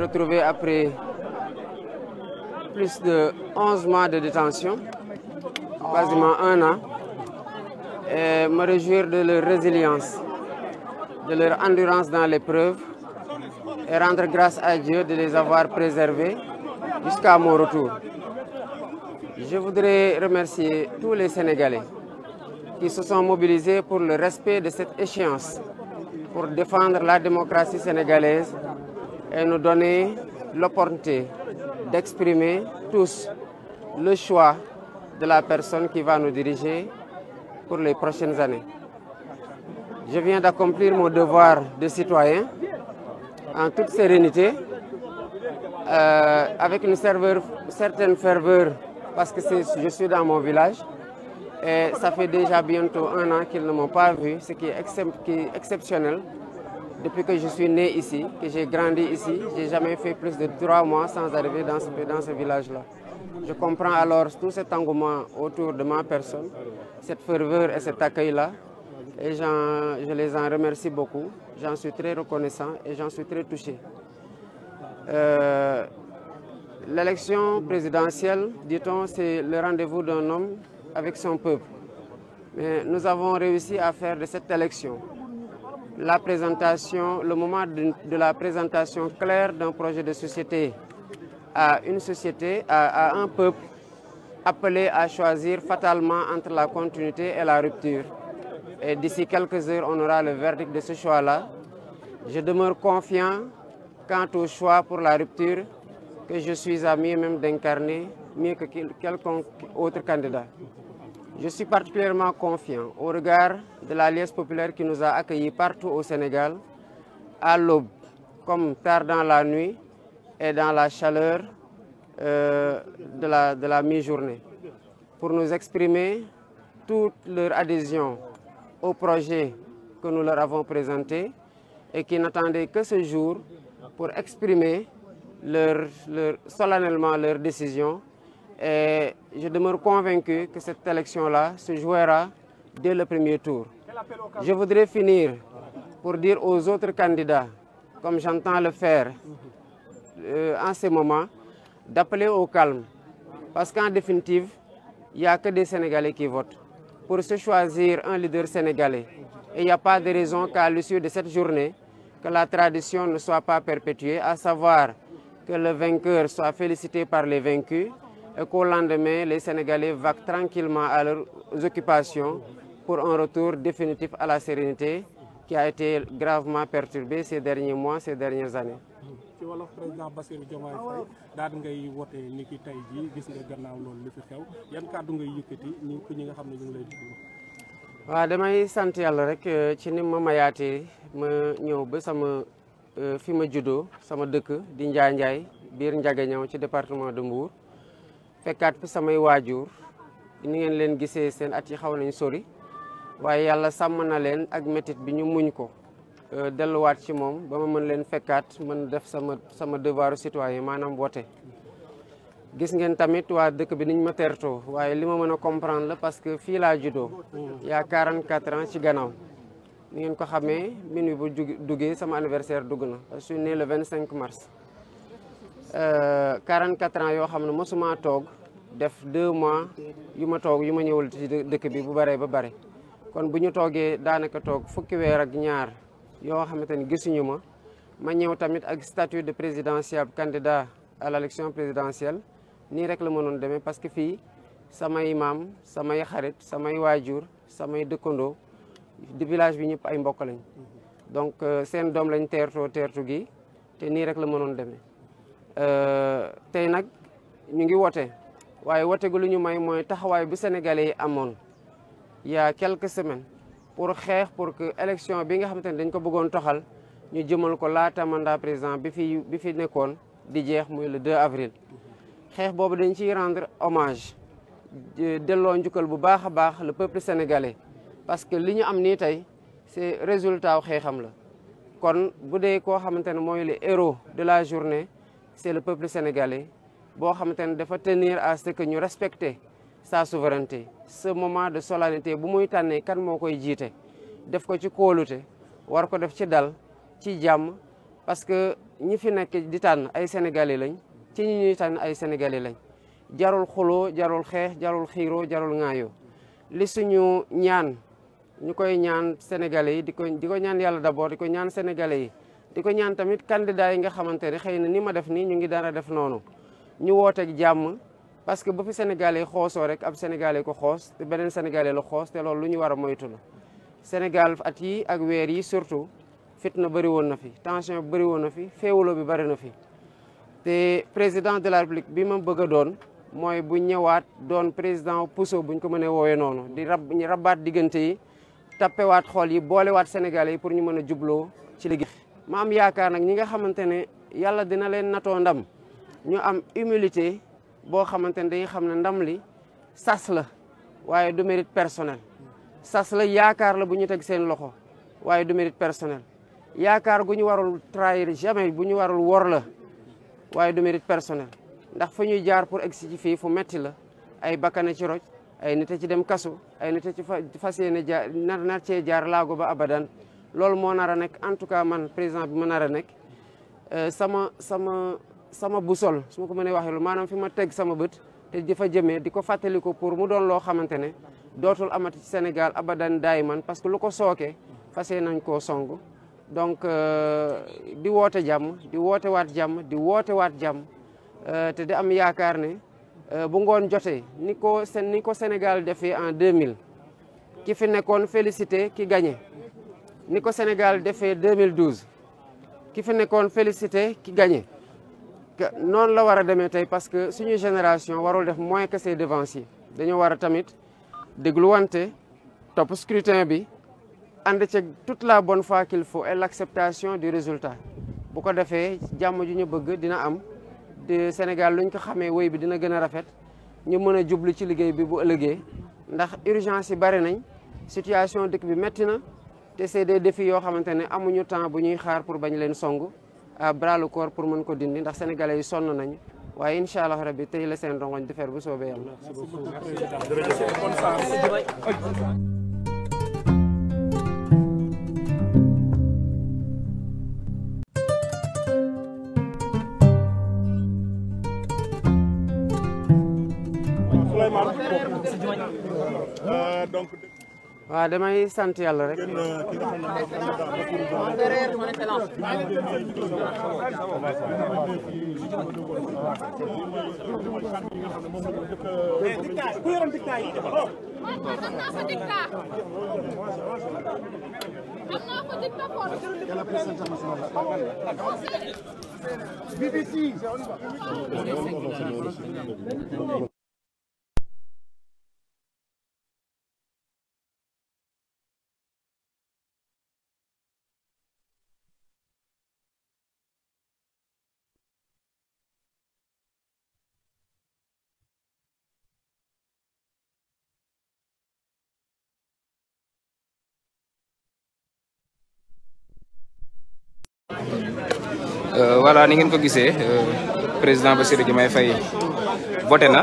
retrouvé après plus de 11 mois de détention, quasiment un an, et me réjouir de leur résilience, de leur endurance dans l'épreuve et rendre grâce à Dieu de les avoir préservés jusqu'à mon retour. Je voudrais remercier tous les Sénégalais qui se sont mobilisés pour le respect de cette échéance, pour défendre la démocratie sénégalaise et nous donner l'opportunité d'exprimer tous le choix de la personne qui va nous diriger pour les prochaines années. Je viens d'accomplir mon devoir de citoyen en toute sérénité, euh, avec une certaine ferveur, parce que je suis dans mon village. Et ça fait déjà bientôt un an qu'ils ne m'ont pas vu, ce qui est exceptionnel depuis que je suis né ici, que j'ai grandi ici, j'ai jamais fait plus de trois mois sans arriver dans ce, village-là. Je comprends alors tout cet engouement autour de ma personne, cette ferveur et cet accueil-là. Et je les en remercie beaucoup. J'en suis très reconnaissant et j'en suis très touché. Euh, l'élection présidentielle, dit-on, c'est le rendez-vous d'un homme avec son peuple. Mais nous avons réussi à faire de cette élection la présentation, le moment de, la présentation claire d'un projet de société à une société, à, un peuple appelé à choisir fatalement entre la continuité et la rupture. Et d'ici quelques heures, on aura le verdict de ce choix-là. Je demeure confiant quant au choix pour la rupture que je suis à même d'incarner, mieux que quelconque autre candidat. Je suis particulièrement confiant au regard de l'Alliance populaire qui nous a accueillis partout au Sénégal, à l'aube, comme tard dans la nuit et dans la chaleur euh, de la, de la mi-journée, pour nous exprimer toute leur adhésion au projet que nous leur avons présenté et qui n'attendait que ce jour pour exprimer solennellement leur décision. Et je demeure convaincu que cette élection-là se jouera dès le premier tour. Je voudrais finir pour dire aux autres candidats, comme j'entends le faire euh, en ce moment, d'appeler au calme. Parce qu'en définitive, il n'y a que des Sénégalais qui votent. Pour se choisir un leader sénégalais, et il n'y a pas de raison qu'à l'issue de cette journée, que la tradition ne soit pas perpétuée, à savoir que le vainqueur soit félicité par les vaincus et qu'au lendemain, les Sénégalais vaquent tranquillement à leurs occupations pour un retour définitif à la sérénité qui a été gravement perturbé ces derniers mois, ces dernières années. ci président Bassirou sama euh, fi ma sama dëkk di Njaay Njaay biir ci département de Mbour fi samay ni ngeen leen gisee seen at waaye yàlla sàmm na leen ak métit bi ñu muñ ko euh, delluwaat ci moom ba ma mën leen fekkaat man def sama sama devoiru citoyen maanaam woote gis ngeen tamit waa dëkk bi niñ ma teertoo waaye li ma mën a comprendre la parce que fii laa juddoo yaa 44 ans ci gannaaw ni ngeen ko xamee minuit bu duggee sama anniversaire dugg na je suis né le 25 mars 44 euh, ans yoo xam ne mosuma toog def deux mois yu ma toog yu ma ñëwul dëkk bi bu baree ba bare kon bu ñu toogee daanaka toog fukki weer ak ñaar yoo xamante ni gisuñu ma ma tamit ak statut de présidentiable candidat à l' élection présidentielle nii rek la mënoon demee parce que fii sama maam samay xarit samay waajur samay di village bi ñëpp ay mbokk lañ donc euh, seen doom lañ teertoo teertu gi te nii rek la mënoon demee euh, tey nag ñu ngi wote waaye wote gu lu may mooy taxawaay bu sénégalais il y a quelques semaines pour que l'élection bi nga xamante ne dañ ko nous toxal ñu mandat présent bi fi le 2 avril. Nous boobu rendre hommage de njukkal bu le peuple sénégalais parce que ce ñu am avons fait, c'est résultat au nous la kon bu dee le héros de la journée c'est le peuple sénégalais Nous devons tenir à ce que nous respectons. sa souveraineté ce moment de solennité bu muy tànnee kan moo koy jiite def ko ci kóolute war ko def ci dal ci jàmm parce que ñi fi nekk di tànn ay sénégalais lañ ci ñi ñuy tànn ay sénégalais lañ jarul xuloo jarul xeex jarul xiiroo jarul ŋaayoo li suñu ñaan ñu koy ñaan sénégalais yi di ko di ko ñaan yàlla d'abord di ko ñaan sénégalais yi di ko ñaan tamit candidat yi nga xamante ne xëy na ni ma def nii ñu ngi dara def noonu ñu wooteeg jàmm parce que ba fi sénégalais xoosoo rek ab sénégalais ko xoos te beneen sénégalais la xoos te loolu ñu war a moytu la sénégal at yi ak weer yi surtout fitna bëri woon na fi tension bëri woon na fi féewuloo bi bëri na fi te président de la république bi ma bëgg a doon mooy bu ñëwaat doon président puso buñ ko mënee woowee noonu di rab ñu rabbaat diggante yi tappewaat xool yi boolewaat sénégalais yi pour ñu mën a jubloo ci liggéey ma am yaakaar nag ñi nga xamante ne yàlla dina leen natoo ndam boo xamante ne dañuy xam ne ndam li sas la waaye du mérite personnel sas la yaakaar la bu ñu teg seen loxo waaye du mérite personnel yaakaar gu ñu warul trahir jamais bu ñu warul wor la waaye du mérite personnel ndax fu ñuy jaar pour egsi ci fii fu metti la ay bakkane ci roj ay nit a ci dem kasu ay nit a ci fas yéene jaar nar nar cee jaar laago ba abadan loolu moo nar a nekk en tout cas man président bi ma nar a nekk euh, sama sama sama busol suma ko mënee waxee lu manam fi ma sama bët te di fa diko di ko pour mu doon lo ne amati ci Sénégal abadan diamond parce que lu ko soké fassé nañ ko songu donc euh, di water jam di water water jam di water water jam euh, te di am yaakaar ne euh, bu ngoon jotee niko sen niko Sénégal en 2000 ki fi nekkoon félicité ki gagné niko Sénégal defee 2012 ki fi nekkoon félicité ki gagné Non, la wara pas parce que suñu génération warul def moins que ses devanciers wara top scrutin bi toute la bonne foi qu'il faut et l'acceptation du résultat bu ko ju dina am de Sénégal luñ ko bi dina rafet ñu jublu urgence yi bari nañ situation dëkk bi metti na c'est des défis temps pour bañ leen bra le corps pour mën ko dindi ndax sénégalais yi sonn nañ waye inshallah rabbi tey la sen rongoñ di fer bu soobee yàlla donc waa waaw damay sant yàlla rek. BBC Euh, voilà ni ngeen ko gisee euh, président Bassirou Diomaye fay voté na